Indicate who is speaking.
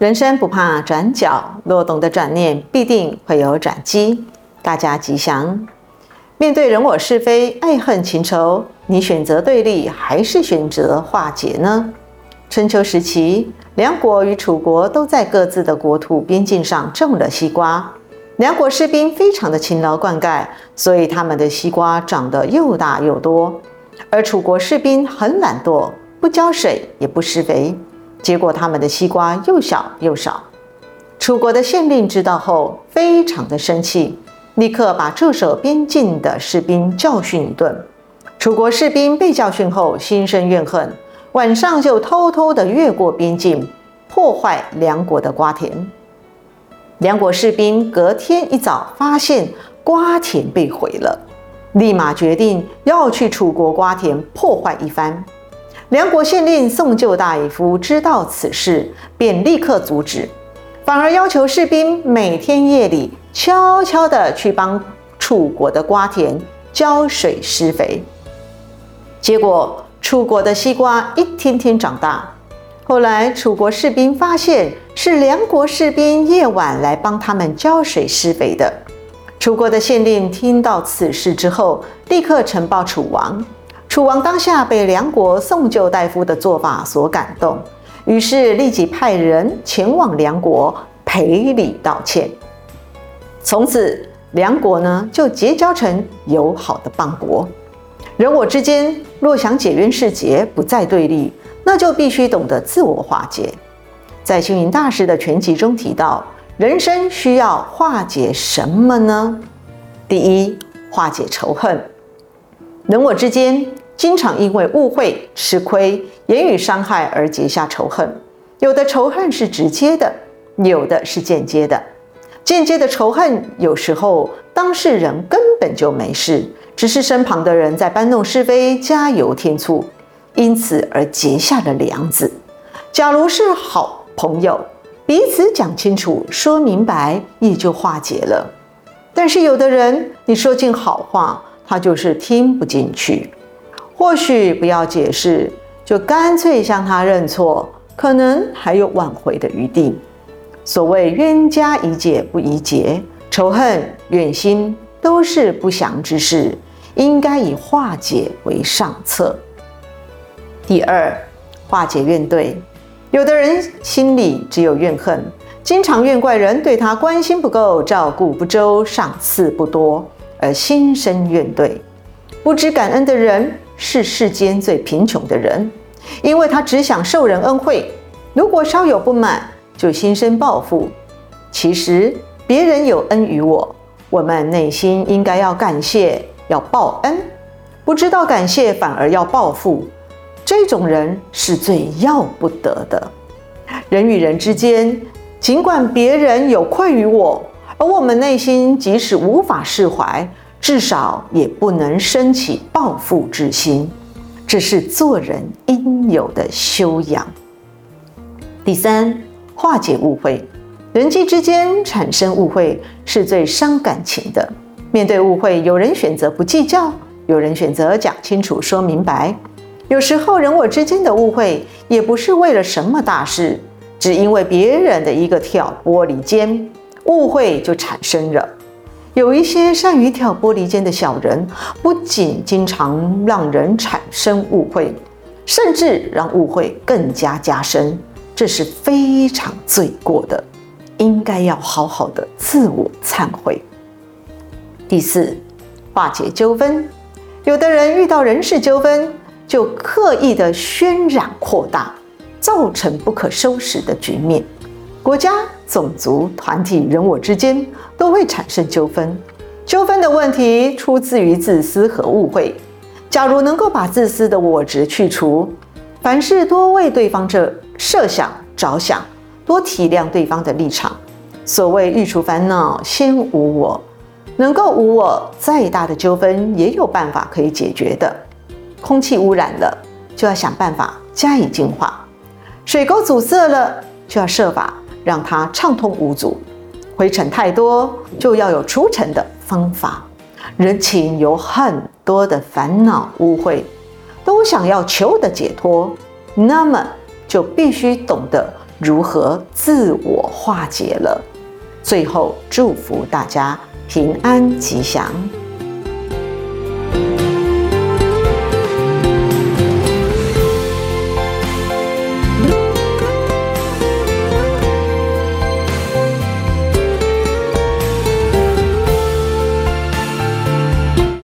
Speaker 1: 人生不怕轉角，若懂得轉念，必定會有轉機。大家吉祥！面對人我是非、愛恨情仇，你選擇對立還是選擇化解呢？春秋時期，梁國與楚國都在各自的國土邊境上種了西瓜。梁國士兵非常的勤勞，灌溉，所以他們的西瓜長得又大又多。而楚國士兵很懶惰，不澆水也不施肥。結果他們的西瓜又小又少。楚國的縣令知道後，非常的生氣，立刻把駐守邊境的士兵教訓一頓。楚國士兵被教訓後，心生怨恨，晚上就偷偷的越過邊境，破壞梁國的瓜田。梁國士兵隔天一早發現瓜田被毀了，立馬決定要去楚國瓜田破壞一番。梁國縣令宋就大夫知道此事，便立刻阻止，反而要求士兵每天夜裡悄悄地去幫楚國的瓜田澆水施肥。結果，楚國的西瓜一天天長大。後來，楚國士兵發現是梁國士兵夜晚來幫他們澆水施肥的。楚國的縣令聽到此事之後，立刻呈報楚王。楚王當下被梁國宋就大夫的做法所感動，於是立即派人前往梁國賠禮道歉。從此，梁國呢就結交成友好的邦國。人我之間若想解冤釋結，不再對立，那就必須懂得自我化解。在星雲大師的全集中提到，人生需要化解什麼呢？第一，化解仇恨。人我之間。經常因為誤會吃虧、言語傷害而結下仇恨，有的仇恨是直接的，有的是間接的。間接的仇恨，有時候當事人根本就沒事，只是身旁的人在搬弄是非，加油添醋，因此而結下了梁子。假如是好朋友，彼此講清楚、說明白，也就化解了。但是有的人，你說盡好話，他就是聽不進去。或許不要解釋，就乾脆向他認錯，可能還有挽回的餘地。所謂冤家宜解不宜結，仇恨怨心都是不祥之事，應該以化解為上策。第二，化解怨懟。有的人心裡只有怨恨，經常怨怪人對他關心不夠、照顧不周、賞賜不多，而心生怨懟，不知感恩的人。是世間最貧窮的人，因為他只想受人恩惠，如果稍有不滿，就心生報復。其實別人有恩於我，我們內心應該要感謝，要報恩。不知道感謝，反而要報復，這種人是最要不得的。人與人之間，儘管別人有愧於我，而我們內心即使無法釋懷。至少也不能生起報復之心，這是做人應有的修養。第三，化解誤會。人際之間產生誤會是最傷感情的。面對誤會，有人選擇不計較，有人選擇講清楚、說明白。有時候，人我之間的誤會也不是為了什麼大事，只因為別人的一個挑撥離間，誤會就產生了。有一些善於挑撥離間的小人，不僅經常讓人產生誤會，甚至讓誤會更加加深，這是非常罪過的，應該要好好的自我懺悔。第四，化解糾紛。有的人遇到人事糾紛，就刻意的渲染擴大，造成不可收拾的局面。國家。種族團體、人我之間都會產生糾紛，糾紛的問題出自於自私和誤會。假如能夠把自私的我執去除，凡事多為對方着設想着想，多體諒對方的立場。所謂欲除煩惱，先無我。能夠無我，再大的糾紛也有辦法可以解決的。空氣污染了，就要想辦法加以淨化；水溝阻塞了，就要設法。讓它暢通無阻，灰塵太多就要有除塵的方法。人情有很多的煩惱污穢，都想要求得解脫，那麼就必須懂得如何自我化解了。最後祝福大家平安吉祥。